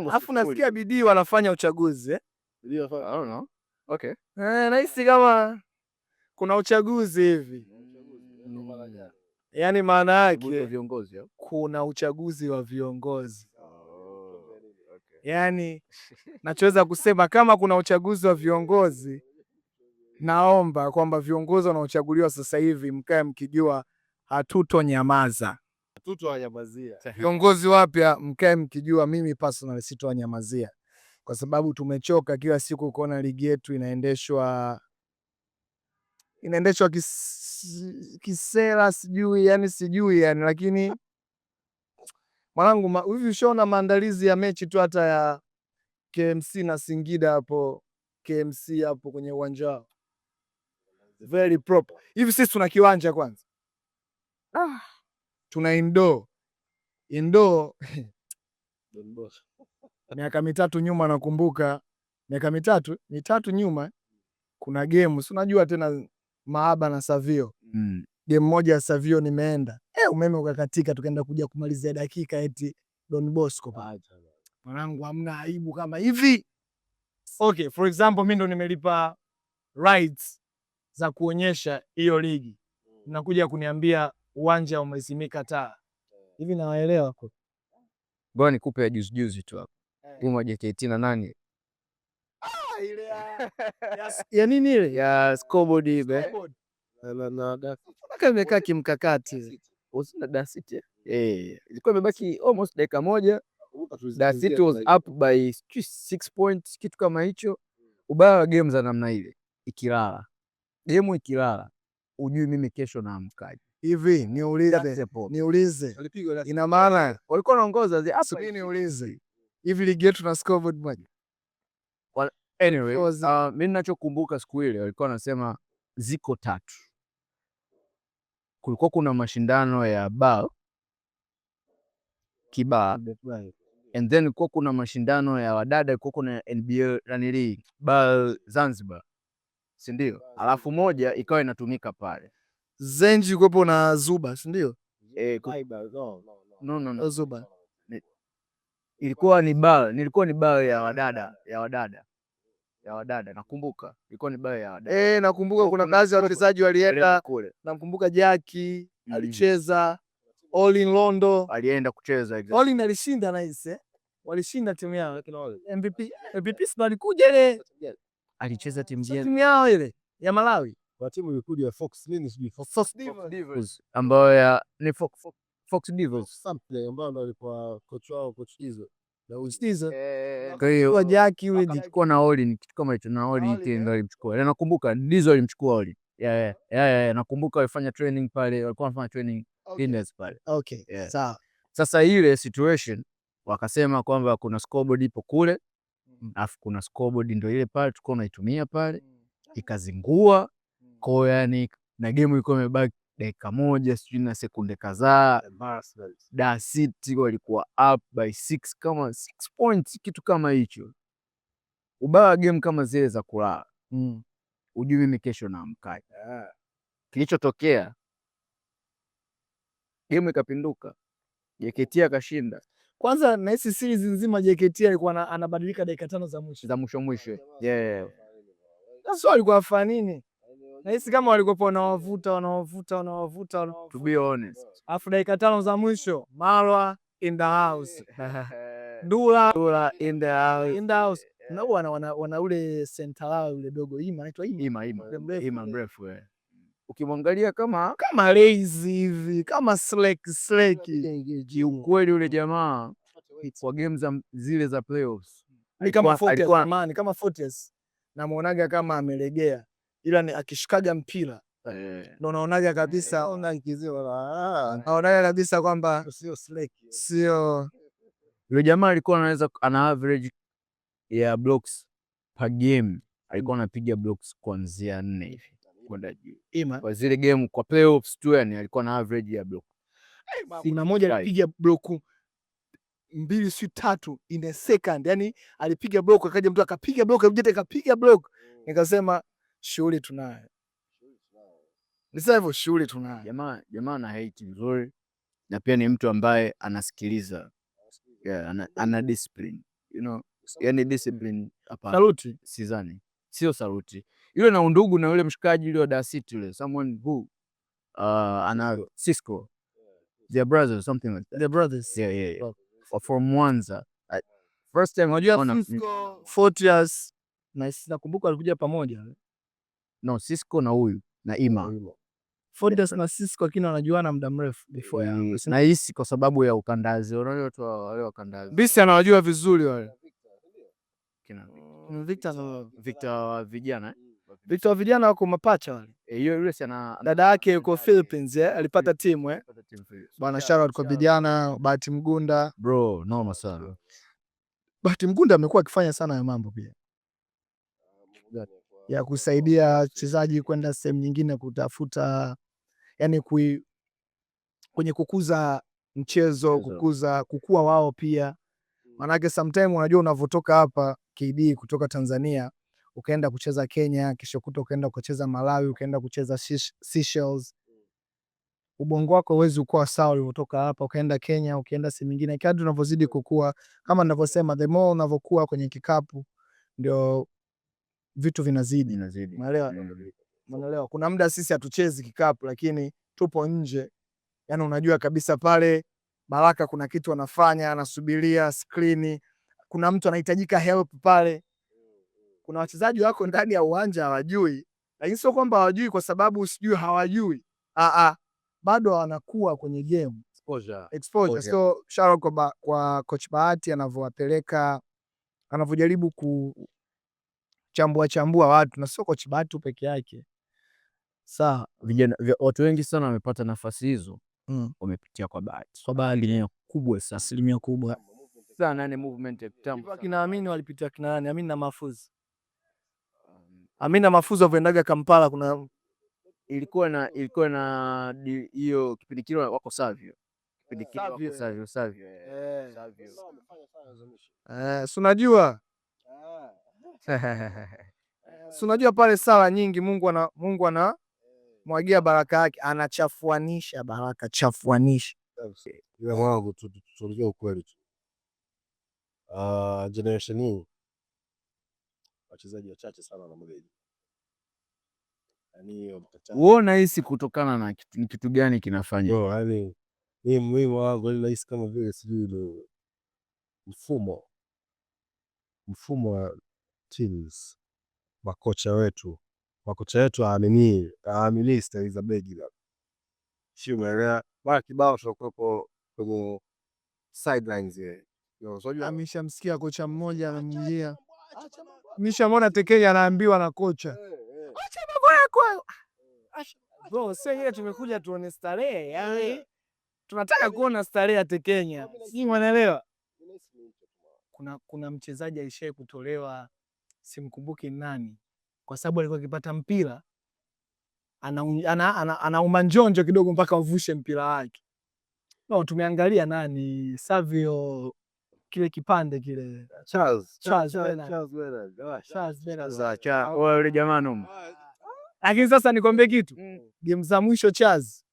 Alafu nasikia bidii wanafanya uchaguzi eh? I don't know. Okay. Eh, nahisi kama kuna uchaguzi hivi mm. Yaani maana yake viongozi ya? Eh? Kuna uchaguzi wa viongozi oh, okay. Yaani nachoweza kusema kama kuna uchaguzi wa viongozi, naomba kwamba viongozi wanaochaguliwa sasa hivi mkae mkijua hatutonyamaza hatutowanyamazia. Viongozi wapya mkae mkijua, mimi personal sitowanyamazia kwa sababu tumechoka kila siku kuona ligi yetu inaendeshwa inaendeshwa kis, kisera sijui yani sijui yani, lakini mwanangu, hivi ushaona maandalizi ya mechi tu hata ya KMC na Singida hapo KMC hapo kwenye uwanja wao very proper. Hivi sisi tuna kiwanja kwanza ah tuna indo indo miaka mitatu nyuma, nakumbuka miaka mitatu mitatu nyuma, kuna gemu si unajua tena maaba na Savio mm. gemu moja ya Savio nimeenda eh, umeme ukakatika, tukaenda kuja kumalizia dakika eti Don Bosco, mwanangu, amna aibu kama hivi. Okay, for example mi ndo nimelipa rights za kuonyesha hiyo ligi, mm. nakuja kuniambia uwanja umezimika taa eh. hivi, nawaelewa hapo. bwana, nikupe ya juzi juzi tu hapo Puma eh. JKT na nani ah, ile ya nini ile ya scoreboard ile eh. imekaa kimkakati, usina eh, ilikuwa imebaki almost dakika moja. Dar City was up by 6 points, kitu kama hicho. Ubaya wa game za namna ile, ikilala game ikilala, ujui mimi kesho naamkaje hivi niulize, niulize, ina maana walikuwa wanaongoza niulize, hivi ligi yetu na scoreboard moja. Well, Anyway, uh, mimi ninachokumbuka siku ile walikuwa wanasema ziko tatu. Kulikuwa kuna mashindano ya ba kiba, and then kulikuwa kuna mashindano ya wadada, kulikuwa kuna NBL ranili ba Zanzibar, si ndio? Alafu moja ikawa inatumika pale Zenji kuwepo na Zuba, si ndio? Eh, no, no, no, no. Oh, Zuba ilikuwa ni bao, nilikuwa ni bao ya wadada ya wadada ya wadada, nakumbuka ilikuwa ni bao ya wadada eh, nakumbuka kuna baadhi ya wachezaji walienda kule, namkumbuka Jackie mm. alicheza All in Londo alienda kucheza exactly. in alishinda nice eh? walishinda timu yao MVP MVP alikuja ile alicheza timu yao ile ya Malawi wa timu ilikuwa ya Fox nini sijui Fox Fox Devils ambayo ni Fox Fox Devils sample ambayo ndio alikuwa coach wao coach hizo na usiza. Eh, kwa hiyo kwa Jackie yule nilikuwa na Oli ni kitu kama hicho na Oli tena eh? alimchukua. Na yaani nakumbuka ndizo alimchukua Oli. Yeah, yeah, yeah, nakumbuka alifanya training pale, walikuwa wanafanya training fitness pale. Okay, sawa. Sasa ile situation wakasema kwamba kuna scoreboard ipo kule, mm. afu kuna scoreboard ndio ile pale tulikuwa tunaitumia pale, mm. ikazingua kwao, yani na gemu ilikuwa imebaki dakika moja sijui na sekunde kadhaa, Dar City walikuwa up by six, kama six points kitu kama hicho. Ubaya wa gemu kama zile za kulala mm. Ujui mimi kesho naamkaje, yeah. Kilichotokea gemu ikapinduka, JKT akashinda. Kwanza nahisi series nzima JKT alikuwa anabadilika dakika tano za mwisho za mwisho mwisho, yeah. Sasa alikuwa afanya nini? nahisi kama walikuwa wanawavuta wanawavuta wanawavuta wanawavuta. To be honest. Afu dakika tano za mwisho Marwa in the house. Eh, eh. Dula Dula in the house. In the house. Eh, na wana wana, wana ule center lao ule dogo Ima anaitwa Ima Ima Ima mrefu eh. Ukimwangalia kama kama lazy hivi, kama slack slack. Kiukweli ule jamaa kwa games za zile za playoffs. Ni kama 40 kama 40 na muonaga kama amelegea ila ni akishikaga mpira eh. ndo naonaga kabisa, eh. ah, eh. naonaga kabisa kwamba sio yule jamaa alikuwa anaweza ana average ya blocks per game, alikuwa anapiga blocks kuanzia nne hivi kwenda juu. Kwa zile game kwa playoffs tu, yani alikuwa na average ya block. sina moja alipiga block mbili si tatu in a second, yani alipiga block, akaja mtu akapiga block, akaja akapiga block, mm. nikasema shughuli tunayo, nisa hivyo shughuli tunayo. Jamaa jamaa na hate nzuri na pia ni mtu ambaye anasikiliza, yeah, ana, ana discipline you know, yani discipline hapa. Saluti sidhani, sio saluti yule na undugu na yule mshikaji yule wa Dar City yule someone who uh, ana Cisco their brothers something like that their brothers yeah yeah, yeah. Or from Mwanza first time unajua Cisco 40 mm. years na nakumbuka alikuja pamoja no Cisco na huyu na Ima Fortis na Cisco lakini wanajuana muda mrefu before yangu, mm, hisi kwa sababu ya ukandazi. Unaona watu wale wakandazi, Bisi anawajua vizuri wale kina Victor, mm, Victor vijana eh? Victor vijana wako mapacha wale. Eh, hiyo yule si ana dada yake yuko Philippines eh, alipata timu eh. Bwana shout out kwa vijana Bahati Mgunda. Bro, noma sana. Bahati Mgunda amekuwa akifanya sana ya mambo pia ya kusaidia wachezaji kwenda sehemu nyingine kutafuta yani kui, kwenye kukuza mchezo kukuza kukua wao pia, mm. maanake sometime unajua unavotoka hapa KD kutoka Tanzania ukaenda kucheza Kenya, kisha kuto ukaenda kucheza Malawi, ukaenda kucheza Seychelles, ubongo wako uwezi ukua sawa ulivyotoka hapa ukaenda Kenya, ukienda sehemu nyingine. Kadri unavyozidi kukua, kama ninavyosema, the more unavyokuwa kwenye kikapu ndio vitu vinazidi, vinazidi. Unaelewa? Unaelewa? Kuna muda sisi hatuchezi kikapu lakini tupo nje, yani unajua kabisa pale Baraka kuna kitu anafanya, anasubiria screen. kuna mtu anahitajika help pale. Kuna wachezaji wako ndani ya uwanja hawajui, lakini sio kwamba hawajui kwa sababu sijui hawajui, a ah, a, ah. bado wanakuwa kwenye game exposure, exposure. So shout out kwa, kwa coach Bahati anavyowapeleka, anavyojaribu ku kuchambua chambua watu na sio kochi Batu peke yake. Sawa, vijana watu wengi sana wamepata nafasi hizo mm. wamepitia kwa Bahati kwa Bahati ni kubwa sana, asilimia kubwa sana yani movement ya kitambo. Akina Amini walipitia kina nani? Amini na Mafuzi, um, Amini na Mafuzi wavyoendaga Kampala, kuna ilikuwa na ilikuwa na hiyo kipindi kile wako Savio kipindi kile wako Savio Savio, eh. Eh, si unajua si unajua pale sala nyingi Mungu ana Mungu ana mwagia baraka yake, anachafuanisha baraka, chafuanisha ile mwangu tuongee ukweli tu. Uh, generation hii wachezaji wachache sana wana magari. Yaani wewe unahisi kutokana na kitu, kitu gani kinafanya? Oh, yani, hii mimi wangu ile yaani nahisi kama vile sijui mfumo mfumo Martins, makocha wetu. Makocha wetu aamini aamini staili za begi la. Si umeelewa? Bwana kibao tulikuwepo kwenye sidelines ile. Ameshamsikia kocha mmoja anamjia. Nishamwona Tekenya anaambiwa na kocha. Eh, eh. Acha mambo yako. Eh, bro, sasa hivi tumekuja tuone starehe, yani tunataka kuona starehe ya Tekenya. Sijui mwanaelewa? Kuna kuna mchezaji aishaye kutolewa simkumbuki nani, kwa sababu alikuwa akipata mpira anauma ana, ana, ana njonjo kidogo mpaka uvushe mpira wake. No, tumeangalia nani Savio kile kipande kile Charles Charles yule jamaa noma, ah, ah. lakini sasa nikwambie kitu mm. Game za mwisho Charles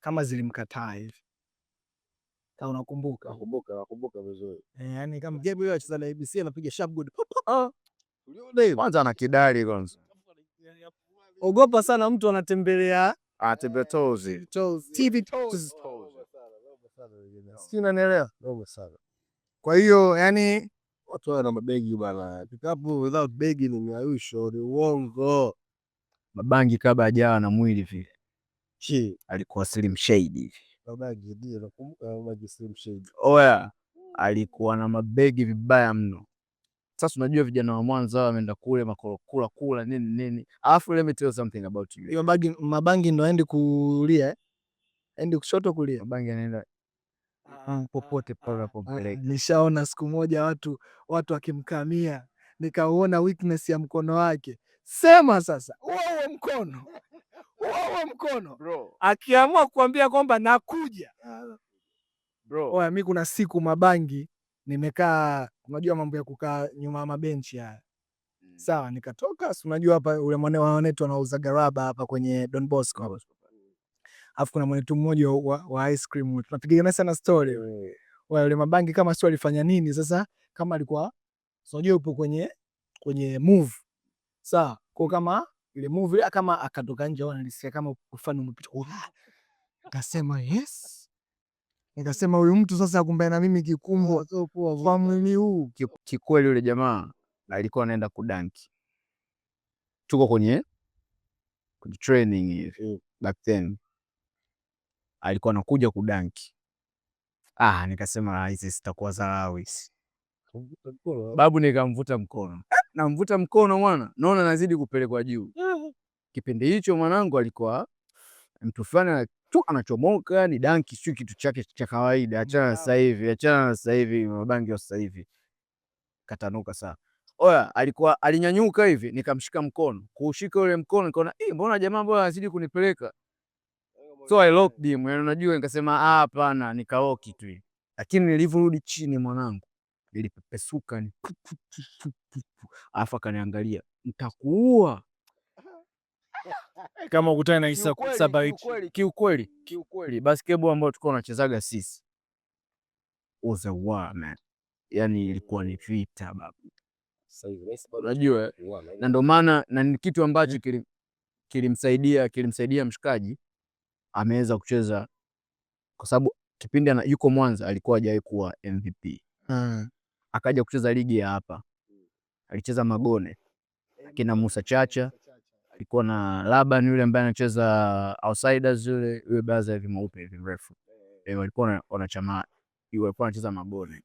kama zilimkataa hivi unakumbuka, nakumbuka nakumbuka vizuri eh, yani kama game hiyo anacheza na ABC anapiga sharp good ah. Kwanza anakidari kwanza. Ogopa sana mtu anatembelea atembetozi. TV eh, tozi. Si unanielewa? Ndogo sana. Kwa hiyo yani watu wana mabegi bwana. Kikapu without begi ni mayusho, ni uongo. Mabangi kabla hajawa na mwili vile. Chi alikuwa Slim shade hivi. Babangi ndio nakumbuka Slim Shady. Oya alikuwa na mabegi vibaya mno. Sasa unajua vijana wa Mwanza wameenda kule makorokula kula nini nini, alafu let me tell something about you, hiyo mabangi mabangi ndo aende kulia, aende kushoto kulia, mabangi anaenda ah, ah, popote pale ah, pompeleka. Nishaona siku moja watu watu akimkamia, nikaona weakness ya mkono wake. Sema sasa wewe mkono wewe mkono bro, akiamua kuambia kwamba nakuja bro. Oya, mi kuna siku mabangi nimekaa unajua mambo ya kukaa nyuma ya mabenchi haya mm. Sawa, nikatoka si unajua hapa ule mwana wa wanetu anauza garaba hapa kwenye Don Bosco hapa, alafu kuna mwanetu mmoja wa, wa ice cream tunapigana sana story mm. Wale Wale mabangi kama sio alifanya nini sasa, kama alikuwa so unajua upo kwenye kwenye move sawa, kwa kama ile move kama akatoka nje au analisikia kama kufanya umepita, akasema yes Nikasema huyu mtu sasa, akumbana na mimi kikumbwa ah, kwa mwili huu. Kikweli yule jamaa alikuwa anaenda kudanki, tuko kwenye kwenye training hivi mm. back then, alikuwa anakuja kudanki. Ah, nikasema ah, hizi sitakuwa dharau hizi babu, nikamvuta mkono, eh, namvuta mkono mwana, naona nazidi kupelekwa juu. Mm-hmm. Kipindi hicho mwanangu alikuwa mtu fulani tu anachomoka ni danki, sio kitu chake cha kawaida. Achana sasa hivi, achana sasa hivi mabangi sasa hivi, katanuka sana. Oya, alikuwa alinyanyuka hivi, nikamshika mkono, kuushika ule mkono nikaona eh, mbona jamaa mbona anazidi kunipeleka, so I locked him, yani unajua, nikasema ah, hapana, nikaoki tu, lakini nilivyorudi chini mwanangu nilipepesuka ni, afa, akaniangalia, nitakuua kama ukutane na Isa kiukweli, kiukweli, kiukweli basketball ambayo tulikuwa tunachezaga sisi was a war man, yani ilikuwa ni vita babu, unajua, na ndio maana na ni kitu ambacho mm-hmm. kilimsaidia kili kilimsaidia mshikaji ameweza kucheza kwa sababu kipindi ana, yuko Mwanza alikuwa hajawahi kuwa MVP hmm. Akaja kucheza ligi ya hapa, alicheza Magone akina Musa Chacha Iko na Laban yule ambaye anacheza outsiders yule yule baza hivi mweupe hivi mrefu. Eh, walikuwa wanachama yule alikuwa anacheza magoli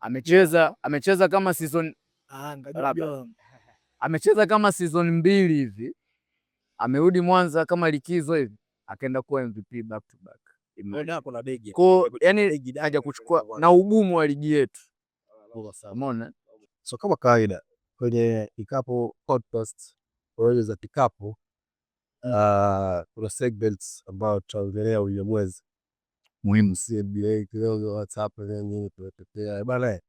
Amecheza amecheza kama season ah, ngajua. Amecheza kama season mbili hivi. Amerudi Mwanza kama likizo hivi. Akaenda kuwa MVP back to back. begi Kwa yani haja kuchukua na ugumu wa ligi yetu. Umeona? So kama kawaida kwenye Ikapo podcast Koroli za pikapu ah, kuna segments ambayo tutaongelea mwezi muhimu CBA kidogo WhatsApp na nini tunatetea bana.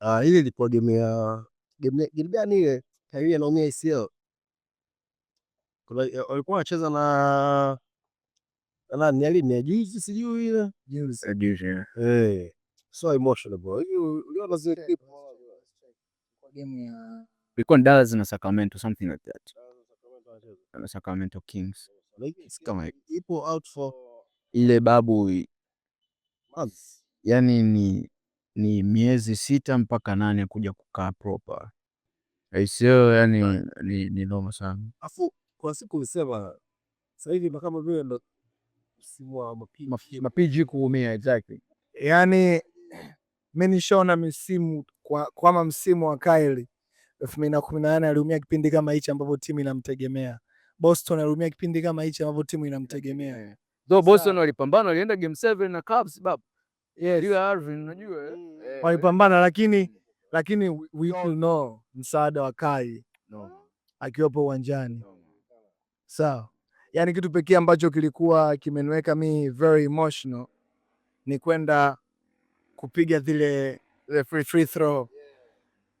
Ah, hili lipo game ya game gani ile? Kahiria naumia ACL. Kuna alikuwa anacheza na nani ali ni juzi sijui ile. Juzi. Juzi. Eh. So emotional bro. Uliona zile clip kwa game ya ilikuwa ni Dallas na Sacramento, something like that. Na Sacramento Kings kama ipo out for ile babu months, yani ni ni miezi sita mpaka nane kuja kukaa proper, sio yani ni, ni noma sana afu kwa siku usema sasa hivi kama vile ndo msimu wa mapiji kuumia exactly. Yani mimi nishaona msimu kwa kama msimu wa Kyrie elfu mbili na kumi na nane aliumia kipindi kama hichi ambapo timu inamtegemea. Boston aliumia kipindi kama hichi ambapo timu inamtegemea. Eh, so Boston walipambana, walienda game na babu. Yes. unajua eh? Mm, eh, Walipambana lakini lakini we all know msaada wa Kai no. akiwapo uwanjani sawa. Yani kitu pekee ambacho kilikuwa kimeniweka mi very emotional ni kwenda kupiga zile free throw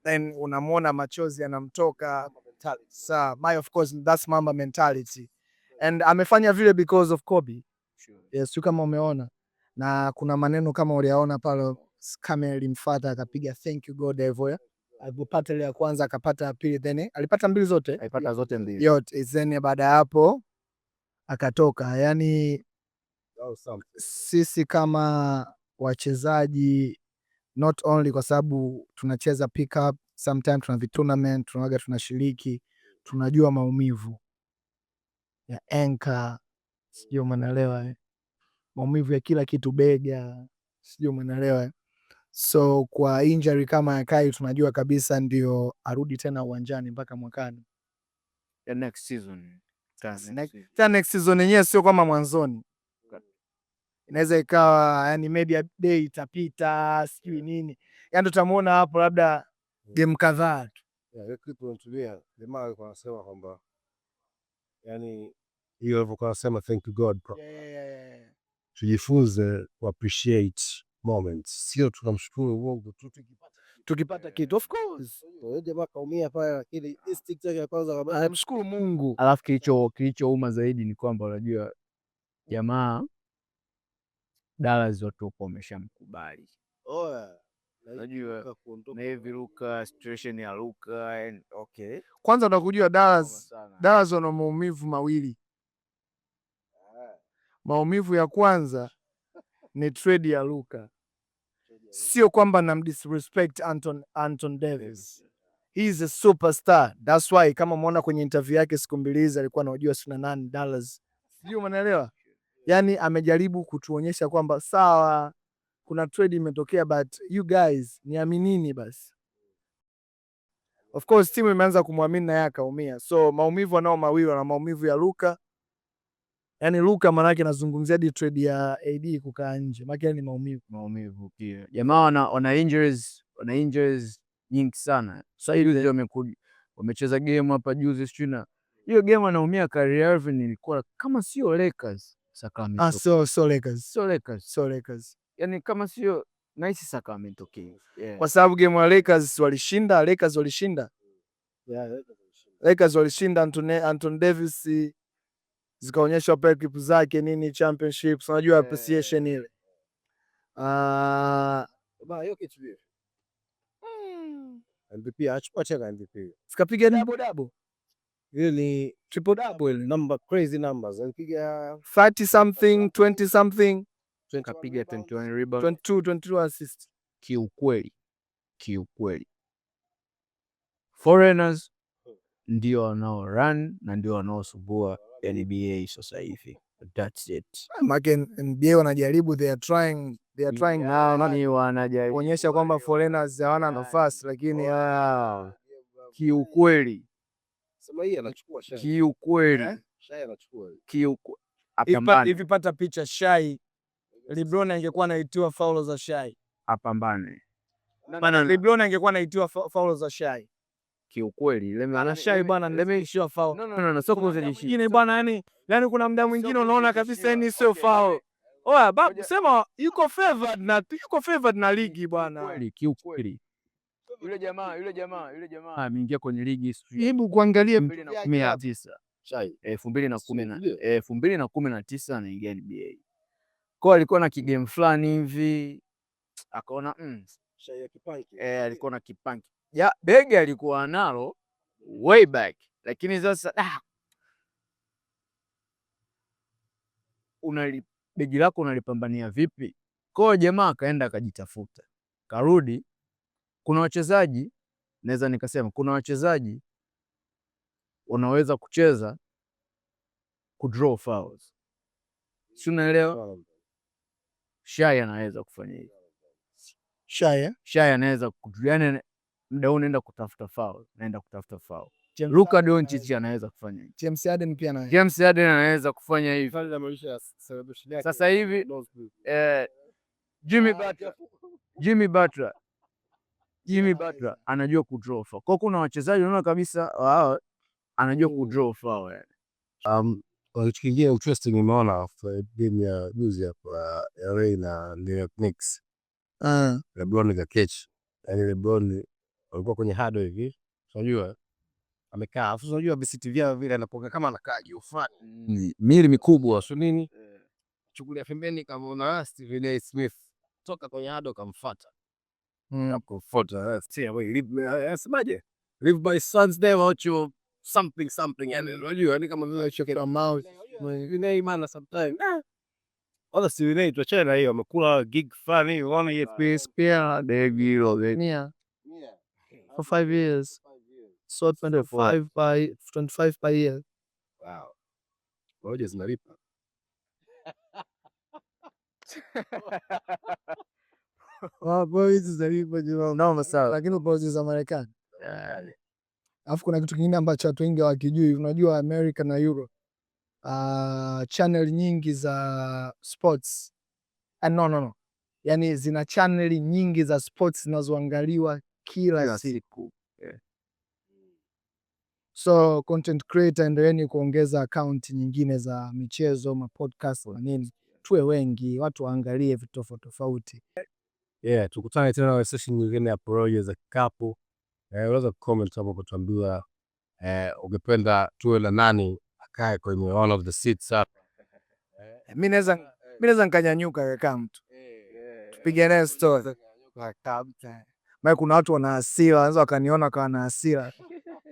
then unamwona machozi yanamtoka. sa my of course that's Mamba mentality and amefanya vile because of Kobe. Sure. Yes, tu kama umeona na kuna maneno kama uliyaona pale, kama alimfuata akapiga thank you God Evoya alipopata ile ya kwanza akapata ya pili, then alipata mbili zote, alipata zote mbili yote, then baada ya hapo akatoka. Yani sisi kama wachezaji not only kwa sababu tunacheza pickup, sometimes tuna vitournament tunawaga tunashiriki, tunajua maumivu ya enka, sijui mwanalewa eh? maumivu ya kila kitu, bega, sijui mwanalewa eh? So kwa injury kama ya Kai tunajua kabisa ndio arudi tena uwanjani mpaka mwakani, yeah, next season yenyewe, sio kama mwanzoni inaweza ikawa yani media day itapita sijui nini, yani tutamuona hapo labda mm. game kadhaa tu. Tunatumia jamaa alikuwa anasema kwamba yani hiyo alivyokuwa anasema thank you God, tujifunze ku appreciate moments, sio tukamshukuru Mungu tu tukipata kitu. Of course jamaa kaumia pale, lakini instinct yake ya kwanza kumshukuru Mungu. Alafu kilicho kilichouma zaidi ni kwamba unajua mm. jamaa Dallas watu wako wameshamkubali. Unajua na hivi Luka situation ya Luka and okay. Kwanza unakujua Dallas, Dallas wana maumivu mawili. Ah. Maumivu ya kwanza ni trade ya Luka. Sio kwamba namdisrespect Anton, Anton Davis. He is a superstar. That's why kama umeona kwenye interview yake siku mbili hizi alikuwa anajua sina nani Dallas. Sijui unaelewa? yani amejaribu kutuonyesha kwamba sawa, kuna trade imetokea, but you guys niaminini basi. Of course timu imeanza kumwamini na yeye akaumia, so maumivu anao mawili na maumivu ya Luka, yani Luka manake nazungumzia di trade ya AD kukaa nje, maana yake yaani ni maumivu maumivu pia. Jamaa wana wana injuries, wana injuries nyingi sana. Sasa hivi ndio wamekuja wamecheza game hapa juzi, sijui na hiyo game anaumia Kyrie Irving, ilikuwa kama sio Lakers Sacramento. Ah, so, so Lakers. So Lakers. So Lakers. kama sio Sacramento Kings. Yeah. Kwa sababu game Lakers walishinda, Lakers walishinda. Yeah, Lakers walishinda Anthony, Anthony Davis zikaonyeshwa clip zake nini championships, unajua yeah, appreciation ile. Ah, ba Jokic MVP. MVP achukua MVP. Sikapiga double double hiyo ni triple double number crazy numbers. Alipiga 30 something, 20 something. Kapiga 21 rebound, 22, 22 assist. Kiukweli. Kiukweli. Foreigners ndio wanao run na ndio wanaosumbua NBA sasa hivi. That's it. Again, ah, NBA wanajaribu, they are trying they are trying yeah, nani wanajaribu kuonyesha kwamba foreigners hawana nafasi, lakini ah, kiukweli Sema hii anachukua Shai. Kiukweli. Eh? Shai anachukua. Kiukweli. Hivi pata picha Shai. LeBron angekuwa anaitiwa faulo za Shai. Apambane. Bana LeBron angekuwa anaitiwa faulo za Shai. Kiukweli Shai bwana faulo. sio bwana yani, yani kuna muda mwingine unaona kabisa ni sio faulo. Oya, babu sema yuko favored na yuko favored na ligi bwana. Kiukweli yule jamaa yule jamaa yule ah, jamaa ameingia kwenye ligi, hebu kuangalia tisa elfu mbili na kumi na elfu mbili na kumi na tisa anaingia NBA kwa alikuwa na kigame fulani hivi akaona mm, E, alikuwa na kipanki ya bege alikuwa nalo way back, lakini sasa ah, una begi lako unalipambania vipi? Kwa jamaa akaenda akajitafuta, karudi kuna wachezaji naweza nikasema kuna wachezaji wanaweza kucheza ku draw fouls, si unaelewa? Shaya anaweza kufanya hivyo. Shaya eh? Shaya anaweza yani, mda huu naenda kutafuta foul, naenda kutafuta foul. Luka Doncic anaweza kufanya hivyo. James Harden pia anaweza, James Harden anaweza kufanya hivyo sasa hivi. Eh, Jimmy Butler Jimmy Butler Jimmy Butler anajua ku draw foul. Kwa kuna wachezaji unaona kabisa wao anajua mm. ku draw foul yani. Um, wakiingia Utrecht nimeona game ya juzi hapa LA na New York Knicks. Ah, LeBron ka catch. Yaani LeBron alikuwa kwenye hado hivi. Unajua? Amekaa. Afu unajua visiti vyao vile anapoka kama anakaa juu fulani. Mm. Mili mikubwa, sio nini? Eh. Chukulia pembeni kama una Stephen A. Smith. Toka kwenye hado kamfuata. Mm, Nakufuata. Live by Sun's name out you something something. Yani unajua ni kama vile choke na mouth. Unai maana sometimes. Wala si unai tuachane na hiyo. Wamekula gig fulani unaona yet please pia debut of it. Yeah. Eh? For 5 years. So 25 by 25 by year. Wow. Ngoja zinalipa. lakini pozi za Marekani. Yaani. Alafu kuna kitu kingine ambacho watu wengi hawakijui. Unajua America na Euro, uh, ah, channel nyingi za sports uh, no, no, no. Yani zina channel nyingi za sports zinazoangaliwa kila yes, siku yeah. So content creator, endeleni kuongeza akaunti nyingine za michezo, mapodcast na nini, tuwe wengi, watu waangalie vitu tofauti tofauti yeah, tukutane tena na session nyingine ya porojo za kikapu. Eh, Unaweza kucomment hapo kutuambia eh, ungependa tuwe na nani akae kwenye one of the seats hapa. Mimi eh, naweza mimi naweza nikanyanyuka kaka mtu tupige naye story. Maana kuna watu wana hasira, wanaweza wakaniona kama na hasira,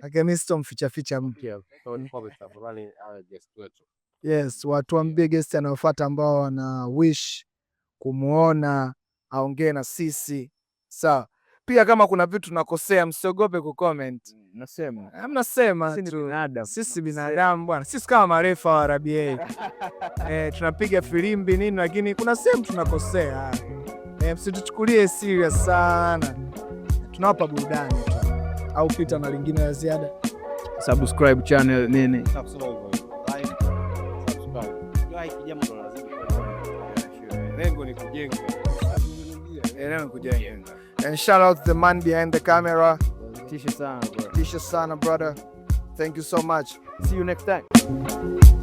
lakini mimi sitomficha ficha mtu. Yes, watu guest anayofuata ambao wana wish kumuona aongee na sisi sawa. So, Pia kama kuna vitu tunakosea, msiogope kucomment, mm, eh, mnasema mnasema tu, sisi binadamu bwana, sisi kama marefa wa RBA eh, tunapiga filimbi nini, lakini kuna sehemu tunakosea eh, msituchukulie serious sana, tunawapa burudani tu. Au pita na lingine la ziada, subscribe channel nini, like jambo, lazima lengo ni kujenga And shout out the man behind the camera. Tisha Tisha sana brother. Thank you so much. See you next time.